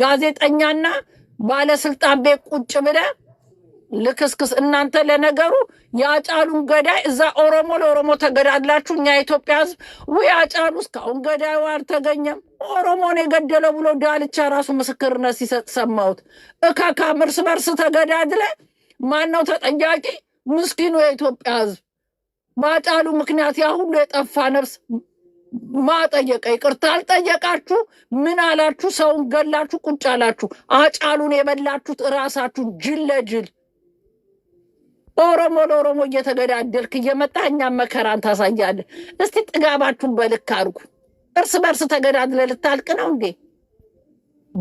ጋዜጠኛና ባለስልጣን ቤት ቁጭ ብለ ልክስክስ። እናንተ ለነገሩ የአጫሉን ገዳይ እዛ ኦሮሞ ለኦሮሞ ተገዳላችሁ፣ እኛ የኢትዮጵያ ሕዝብ ውይ አጫሉ እስካሁን ገዳዩ አልተገኘም ኦሮሞን የገደለው ብሎ ዳልቻ ራሱ ምስክርነት ሲሰጥ ሰማሁት። እካካም እርስ በርስ ተገዳድለ ማነው ተጠያቂ? ምስኪኑ የኢትዮጵያ ሕዝብ በአጫሉ ምክንያት ያ ሁሉ የጠፋ ነፍስ ማጠየቀ ይቅርታ አልጠየቃችሁ። ምን አላችሁ? ሰውን ገላችሁ ቁጭ አላችሁ። አጫሉን የበላችሁት እራሳችሁ ጅል ለጅል ኦሮሞ ለኦሮሞ እየተገዳደልክ እየመጣ እኛም መከራን ታሳያለህ። እስቲ ጥጋባችሁን በልክ አድርጉ። እርስ በርስ ተገዳድለ ልታልቅ ነው እንዴ?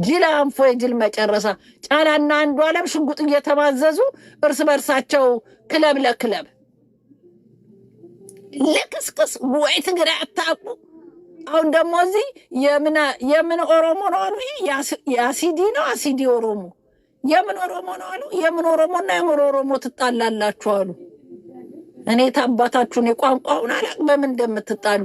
ጅል አንፎ የጅል መጨረሳ። ጫላና አንዱ አለም ሽንጉጥ እየተማዘዙ እርስ በርሳቸው ክለብ ለክለብ ለቅስቅስ ወይ ትግራይ አታውቁ። አሁን ደግሞ እዚህ የምን ኦሮሞ ነው አሉ፣ የአሲዲ ነው አሲዲ ኦሮሞ፣ የምን ኦሮሞ ነው አሉ፣ የምን ኦሮሞ እና የምን ኦሮሞ ትጣላላችሁ አሉ። እኔ ታባታችሁን የቋንቋውን አላቅ በምን እንደምትጣሉ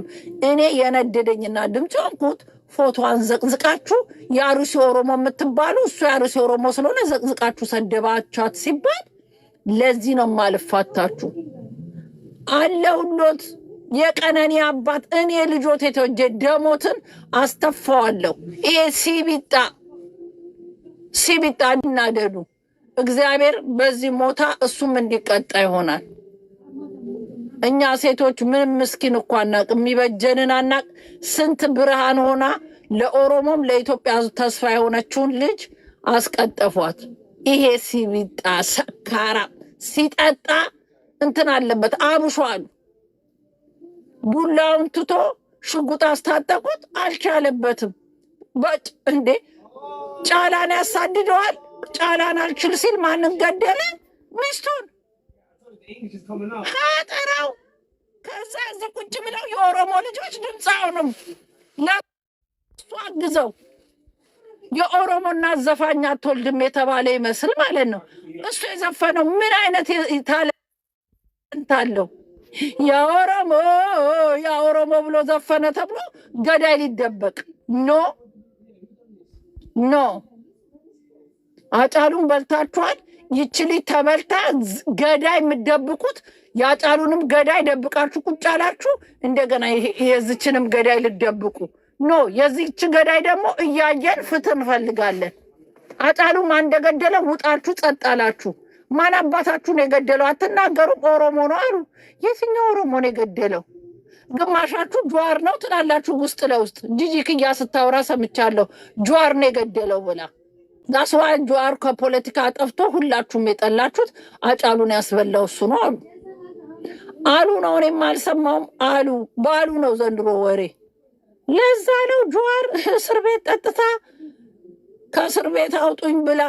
እኔ የነደደኝና ድምፅ ሆንኩት። ፎቶዋን ዘቅዝቃችሁ የአሩሲ ኦሮሞ የምትባሉ እሱ የአሩሲ ኦሮሞ ስለሆነ ዘቅዝቃችሁ ሰደባቻት ሲባል ለዚህ ነው ማልፋታችሁ። አለሁሎት የቀነኒ አባት እኔ ልጆት የተወጀ ደሞትን አስተፋዋለሁ። ይሄ ሲቢጣ ሲቢጣ እናደዱ እግዚአብሔር በዚህ ሞታ እሱም እንዲቀጣ ይሆናል። እኛ ሴቶች ምንም ምስኪን እኮ አናቅ፣ የሚበጀንን አናቅ። ስንት ብርሃን ሆና ለኦሮሞም ለኢትዮጵያ ተስፋ የሆነችውን ልጅ አስቀጠፏት። ይሄ ሲቢጣ ሰካራ ሲጠጣ እንትን አለበት አብሾ አሉ። ዱላውን ትቶ ሽጉጥ አስታጠቁት፣ አልቻለበትም። በጭ እንዴ ጫላን ያሳድደዋል። ጫላን አልችል ሲል ማንን ገደለ? ሚስቱን ከጠራው ከዛ እዚህ ቁጭ ብለው የኦሮሞ ልጆች ድምፅ አሁንም ለሱ አግዘው የኦሮሞና ዘፋኛ ዘፋኝ አትወልድም የተባለ ይመስል ማለት ነው። እሱ የዘፈነው ምን አይነት ታለ እንታለው የኦሮሞ የኦሮሞ ብሎ ዘፈነ ተብሎ ገዳይ ሊደበቅ ኖ ኖ አጫሉን በልታችኋል። ይቺ ልጅ ተበልታ ገዳይ የምደብቁት የአጫሉንም ገዳይ ደብቃችሁ ቁጭ አላችሁ። እንደገና የዚችንም ገዳይ ልደብቁ ኖ። የዚች ገዳይ ደግሞ እያየን ፍትህ እንፈልጋለን። አጫሉም አንደገደለ ውጣችሁ ጸጥ አላችሁ። ማን አባታችሁን የገደለው አትናገሩም? ኦሮሞ ነው አሉ። የትኛው ኦሮሞ ነው የገደለው? ግማሻችሁ ጀዋር ነው ትላላችሁ። ውስጥ ለውስጥ ጂጂ ክያ ስታወራ ሰምቻለሁ። ጀዋር ነው የገደለው ብላ ጋስዋ ጀዋር ከፖለቲካ ጠፍቶ ሁላችሁም የጠላችሁት አጫሉን ያስበላው እሱ ነው አሉ አሉ ነው። እኔም አልሰማውም አሉ በአሉ ነው ዘንድሮ ወሬ። ለዛ ነው ጀዋር እስር ቤት ጠጥታ ከእስር ቤት አውጡኝ ብላ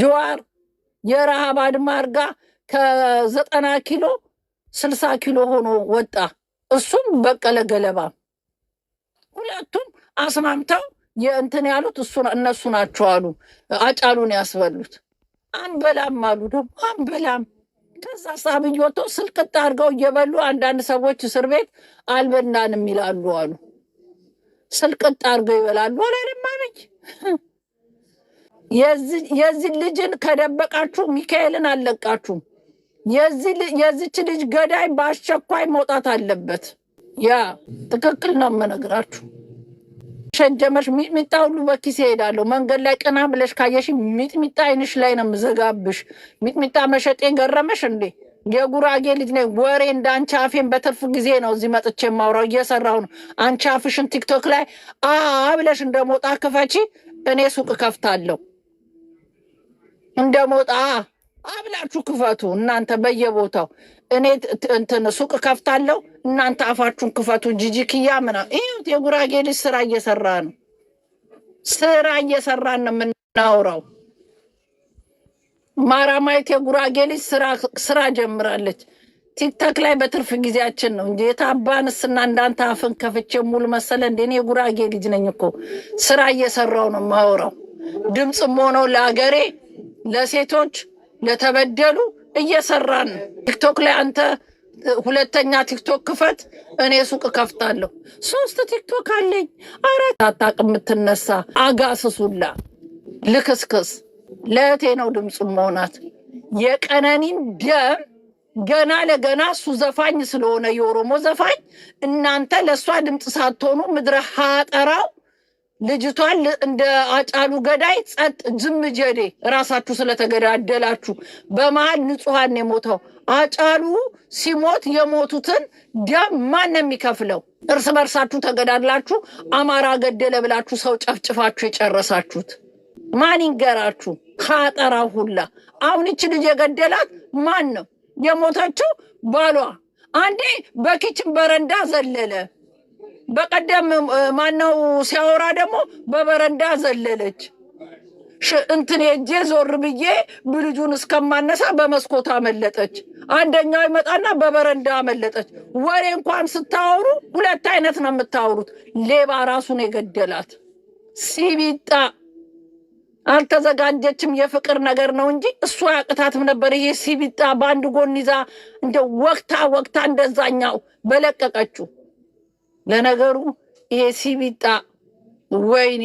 ጀዋር የረሃብ አድማ አድርጋ ከዘጠና ኪሎ ስልሳ ኪሎ ሆኖ ወጣ። እሱም በቀለ ገለባ ሁለቱም አስማምተው የእንትን ያሉት እነሱ ናቸው አሉ። አጫሉን ያስበሉት አንበላም አሉ። ደግሞ አንበላም ከዛ ሳብኝ ወጥቶ ስልቅጥ አድርገው እየበሉ አንዳንድ ሰዎች እስር ቤት አልበላንም ይላሉ አሉ። ስልቅጥ አድርገው ይበላሉ አላለም አብይ የዚህ ልጅን ከደበቃችሁ ሚካኤልን አለቃችሁ። የዚች ልጅ ገዳይ በአስቸኳይ መውጣት አለበት። ያ ትክክል ነው የምነግራችሁ። ሸጀመሽ ሚጥሚጣ ሁሉ በኪሴ እሄዳለሁ። መንገድ ላይ ቀና ብለሽ ካየሽ ሚጥሚጣ አይንሽ ላይ ነው የምዘጋብሽ። ሚጥሚጣ መሸጤን ገረመሽ እንዴ? የጉራጌ ልጅ ነኝ። ወሬ እንደ አንቺ አፌን በትርፍ ጊዜ ነው እዚህ መጥቼ የማውራው። እየሰራሁ ነው። አንቺ አፍሽን ቲክቶክ ላይ አ ብለሽ እንደሞጣ ክፈቺ። እኔ ሱቅ ከፍታለሁ። እንደ ሞጣ አብላችሁ ክፈቱ። እናንተ በየቦታው እኔ እንትን ሱቅ ከፍታለሁ፣ እናንተ አፋችሁን ክፈቱ። ጂጂክያ ምናምን ይሁት። የጉራጌ ልጅ ስራ እየሰራ ነው። ስራ እየሰራ ነው የምናውራው። ማራማየት የጉራጌ ልጅ ስራ ጀምራለች። ቲክተክ ላይ በትርፍ ጊዜያችን ነው እንጂ የታባንስና እንዳንተ አፍን ከፍቼ ሙሉ መሰለ እንደ እኔ የጉራጌ ልጅ ነኝ እኮ ስራ እየሰራው ነው የማውራው። ድምፅም ሆነው ለአገሬ ለሴቶች ለተበደሉ እየሰራን ቲክቶክ ላይ አንተ ሁለተኛ ቲክቶክ ክፈት፣ እኔ ሱቅ ከፍታለሁ ሶስት ቲክቶክ አለኝ። አራት አጣቅ የምትነሳ አጋስሱላ ልክስክስ ለእቴ ነው ድምፁ መሆናት የቀነኒን ደም ገና ለገና እሱ ዘፋኝ ስለሆነ የኦሮሞ ዘፋኝ እናንተ ለእሷ ድምፅ ሳትሆኑ ምድረ ሀጠራው ልጅቷን እንደ አጫሉ ገዳይ ጸጥ ዝም ጀዴ እራሳችሁ ስለተገዳደላችሁ በመሀል ንጹሐን የሞተው አጫሉ ሲሞት የሞቱትን ደም ማን የሚከፍለው? እርስ በርሳችሁ ተገዳድላችሁ አማራ ገደለ ብላችሁ ሰው ጨፍጭፋችሁ የጨረሳችሁት ማን ይንገራችሁ? ከአጠራ ሁላ አሁን ልጅ የገደላት ማን ነው? የሞተችው ባሏ። አንዴ በኪችን በረንዳ ዘለለ በቀደም ማነው ሲያወራ ደግሞ በበረንዳ ዘለለች። እንትን ሄጄ ዞር ብዬ ብልጁን እስከማነሳ በመስኮት አመለጠች። አንደኛው ይመጣና በበረንዳ አመለጠች። ወሬ እንኳን ስታወሩ ሁለት አይነት ነው የምታወሩት። ሌባ ራሱን የገደላት ሲቢጣ አልተዘጋጀችም። የፍቅር ነገር ነው እንጂ እሱ ያቅታትም ነበር። ይሄ ሲቢጣ በአንድ ጎን ይዛ እንደ ወቅታ ወቅታ እንደዛኛው በለቀቀችው ለነገሩ ይሄ ሲቢጣ ወይኔ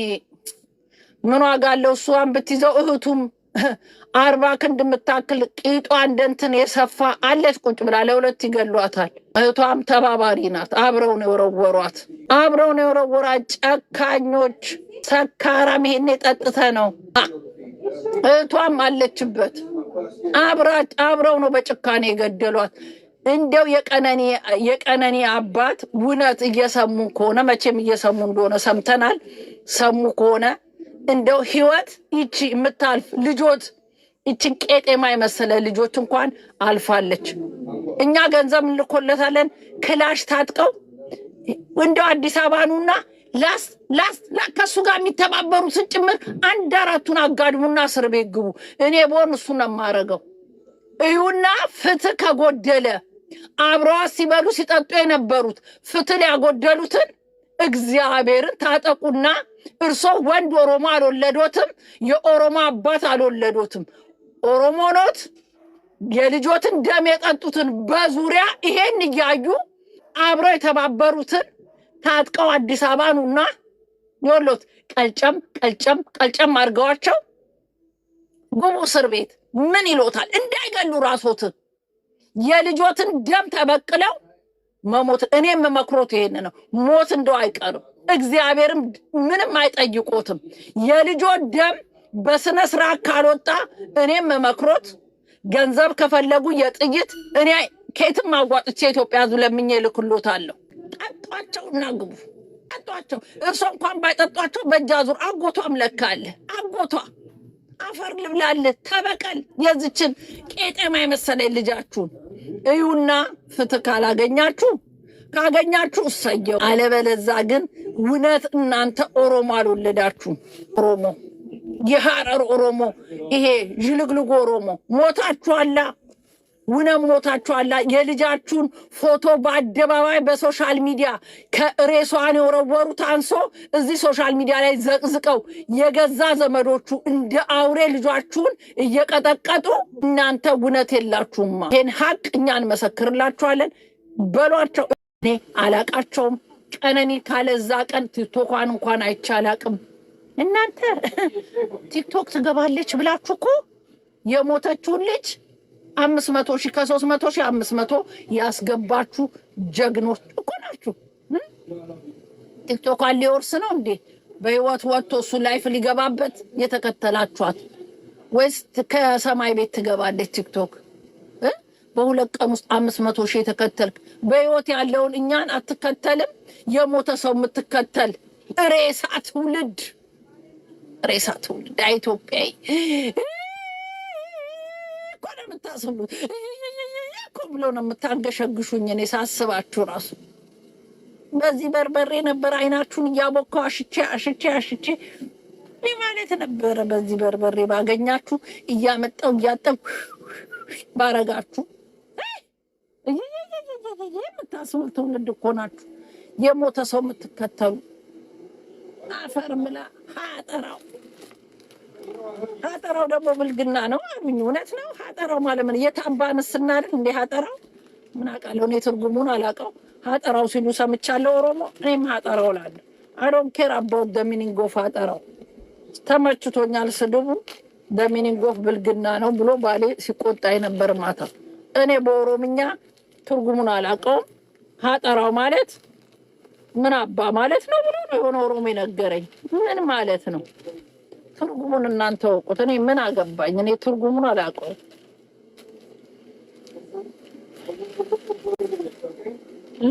ምን ዋጋ አለው? እሷን ብትይዘው እህቱም አርባ ክንድ የምታክል ቂጧ እንደንትን የሰፋ አለች። ቁጭ ብላ ለሁለት ይገሏታል። እህቷም ተባባሪ ናት። አብረው ነው የወረወሯት፣ አብረው ነው የወረወሯት። ጨካኞች፣ ሰካራም ይሄን የጠጥተ ነው። እህቷም አለችበት። አብረው ነው በጭካኔ የገደሏት። እንደው የቀነኒ አባት ውነት እየሰሙ ከሆነ መቼም እየሰሙ እንደሆነ ሰምተናል። ሰሙ ከሆነ እንደው ህይወት ይቺ የምታልፍ ልጆት ይችን ቄጤማ የመሰለ ልጆች እንኳን አልፋለች። እኛ ገንዘብ እንልኮለታለን። ክላሽ ታጥቀው እንደው አዲስ አበባ ኑና ላስ ላስ ጋር የሚተባበሩትን ጭምር አንድ አራቱን አጋድሙና እስር ቤት ግቡ። እኔ በሆን እሱን ነው የማረገው። እዩና ፍትህ ከጎደለ አብረዋ ሲበሉ ሲጠጡ የነበሩት ፍትል ያጎደሉትን እግዚአብሔርን ታጠቁና እርሶ ወንድ ኦሮሞ አልወለዶትም፣ የኦሮሞ አባት አልወለዶትም። ኦሮሞ ኖት የልጆትን ደም የጠጡትን በዙሪያ ይሄን እያዩ አብረው የተባበሩትን ታጥቀው አዲስ አበባ ኑና ኞሎት ቀልጨም ቀልጨም ቀልጨም አድርገዋቸው ጉቡ እስር ቤት ምን ይሎታል እንዳይገሉ ራሶትን የልጆትን ደም ተበቅለው መሞት እኔ የምመክሮት ይሄን ነው። ሞት እንደው አይቀርም፣ እግዚአብሔርም ምንም አይጠይቁትም። የልጆ ደም በስነ ስርዓት ካልወጣ እኔ የምመክሮት ገንዘብ ከፈለጉ የጥይት እኔ ከየትም አዋጥቼ ኢትዮጵያ ሕዝብ ለምኜ እልክሎታለሁ። ጠጧቸው እና ግቡ ጠጧቸው። እርሶ እንኳን ባይጠጧቸው በእጅ አዙር አጎቷም ለካ አጎቷ አፈር ልብላለ ተበቀል የዝችን ቄጤማ የመሰለ ልጃችሁን እዩና ፍትህ ካላገኛችሁ ካገኛችሁ እሰየው፣ አለበለዛ ግን እውነት እናንተ ኦሮሞ አልወለዳችሁ። ኦሮሞ የሐረር ኦሮሞ ይሄ ዥልግልግ ኦሮሞ ሞታችኋላ። ውነምኖታችኋላ የልጃችሁን ፎቶ በአደባባይ በሶሻል ሚዲያ ከሬሷን የወረወሩት አንሶ እዚህ ሶሻል ሚዲያ ላይ ዘቅዝቀው የገዛ ዘመዶቹ እንደ አውሬ ልጃችሁን እየቀጠቀጡ እናንተ ውነት የላችሁማ። ይህን ሀቅ እኛ እንመሰክርላችኋለን በሏቸው። እኔ አላቃቸውም። ቀነኒ ካለዛ ቀን ቲክቶኳን እንኳን አይቼ አላቅም። እናንተ ቲክቶክ ትገባለች ብላችሁ እኮ የሞተችውን ልጅ አምስት መቶ ሺህ ከሶስት መቶ ሺህ አምስት መቶ ያስገባችሁ ጀግኖች እኮ ናችሁ። ቲክቶኳን ሊወርስ ነው እንዴ? በህይወት ወጥቶ እሱ ላይፍ ሊገባበት የተከተላችኋት ወይስ ከሰማይ ቤት ትገባለች ቲክቶክ? በሁለት ቀን ውስጥ አምስት መቶ ሺህ የተከተልክ በህይወት ያለውን እኛን አትከተልም። የሞተ ሰው የምትከተል ሬሳ ትውልድ ሬሳ ትውልድ ኢትዮጵያዊ ራሱ እኮ ብሎ ነው የምታንገሸግሹኝ። እኔ ሳስባችሁ ራሱ በዚህ በርበሬ ነበር አይናችሁን እያቦካው አሽቼ አሽቼ አሽቼ ይህ ማለት ነበረ። በዚህ በርበሬ ባገኛችሁ እያመጣው እያጠብኩ ባረጋችሁ የምታስቡ ትውልድ እኮ ናችሁ። የሞተ ሰው የምትከተሉ አፈር ምላ ሀጠራው ደግሞ ብልግና ነው አሉኝ። እውነት ነው ሀጠራው ማለት ምን የታምባ ንስና አይደል እንዴ? ሀጠራው ምን አውቃለሁ እኔ ትርጉሙን አላውቀው። ሀጠራው ሲሉ ሰምቻለሁ ኦሮሞ፣ እኔም ሀጠራው እላለሁ። አዶን ኬር አባውት ደሚኒንግ ኦፍ ሀጠራው ተመችቶኛል። ስድቡ ደሚኒንግ ኦፍ ብልግና ነው ብሎ ባሌ ሲቆጣ የነበር ማታ። እኔ በኦሮምኛ ትርጉሙን አላውቀውም። ሀጠራው ማለት ምን አባ ማለት ነው ብሎ ነው የሆነ ኦሮሞ የነገረኝ። ምን ማለት ነው ትርጉሙን እናንተ ወቁት። እኔ ምን አገባኝ? እኔ ትርጉሙን አላውቀውም።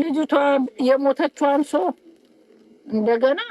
ልጅቷ የሞተችዋን ሰው እንደገና